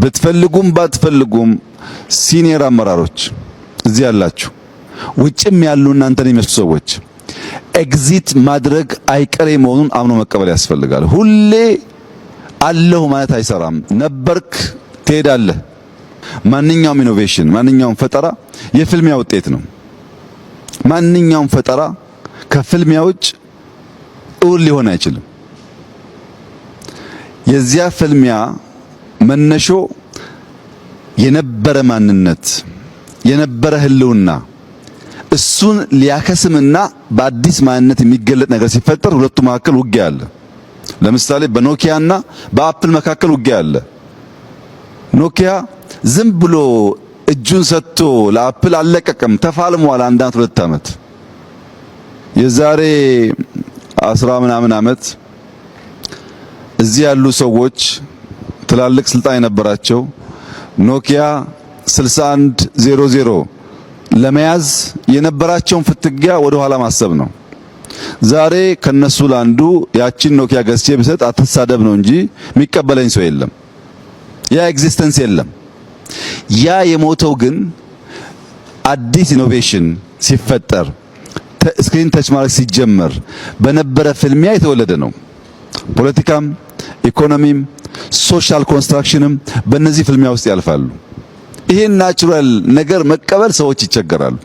ብትፈልጉም ባትፈልጉም ሲኒየር አመራሮች እዚህ ያላችሁ፣ ውጭም ያሉ እናንተን የሚመስሉ ሰዎች ኤግዚት ማድረግ አይቀሬ መሆኑን አምኖ መቀበል ያስፈልጋል። ሁሌ አለሁ ማለት አይሰራም። ነበርክ፣ ትሄዳለህ። ማንኛውም ኢኖቬሽን፣ ማንኛውም ፈጠራ የፍልሚያ ውጤት ነው። ማንኛውም ፈጠራ ከፍልሚያ ውጭ እውን ሊሆን አይችልም። የዚያ ፍልሚያ መነሾ የነበረ ማንነት የነበረ ህልውና እሱን ሊያከስምና በአዲስ ማንነት የሚገለጥ ነገር ሲፈጠር ሁለቱ መካከል ውጊያ አለ። ለምሳሌ በኖኪያና በአፕል መካከል ውጊያ አለ። ኖኪያ ዝም ብሎ እጁን ሰጥቶ ለአፕል አልለቀቀም፣ ተፋልሟል። አንድ አመት ሁለት አመት የዛሬ አስራ ምናምን አመት እዚህ ያሉ ሰዎች ትላልቅ ስልጣን የነበራቸው ኖኪያ 6100 ለመያዝ የነበራቸውን ፍትጊያ ወደ ኋላ ማሰብ ነው። ዛሬ ከነሱ ላንዱ ያችን ኖኪያ ገዝቼ ብሰጥ አትሳደብ ነው እንጂ የሚቀበለኝ ሰው የለም። ያ ኤግዚስተንስ የለም። ያ የሞተው ግን አዲስ ኢኖቬሽን ሲፈጠር ስክሪን ተች ማድረግ ሲጀመር በነበረ ፍልሚያ የተወለደ ነው። ፖለቲካም ኢኮኖሚም ሶሻል ኮንስትራክሽንም በእነዚህ ፍልሚያ ውስጥ ያልፋሉ። ይሄን ናቹራል ነገር መቀበል ሰዎች ይቸገራሉ።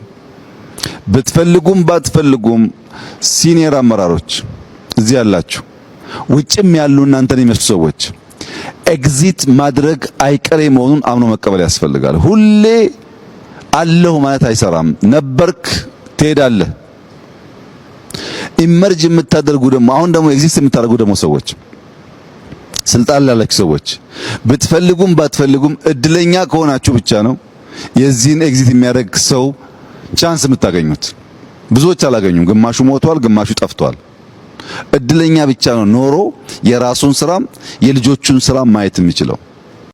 ብትፈልጉም ባትፈልጉም ሲኒየር አመራሮች እዚህ ያላችሁ፣ ውጭም ያሉ እናንተን የሚመስሉ ሰዎች ኤግዚት ማድረግ አይቀሬ መሆኑን አምኖ መቀበል ያስፈልጋል። ሁሌ አለሁ ማለት አይሰራም። ነበርክ፣ ትሄዳለህ። ኢመርጅ የምታደርጉ ደግሞ አሁን ደግሞ ኤግዚስት የምታደርጉ ደግሞ ሰዎች ስልጣን ላላችሁ ሰዎች ብትፈልጉም ባትፈልጉም እድለኛ ከሆናችሁ ብቻ ነው የዚህን ኤግዚት የሚያደርግ ሰው ቻንስ የምታገኙት። ብዙዎች አላገኙም። ግማሹ ሞቷል፣ ግማሹ ጠፍቷል። እድለኛ ብቻ ነው ኖሮ የራሱን ስራም የልጆቹን ስራም ማየት የሚችለው።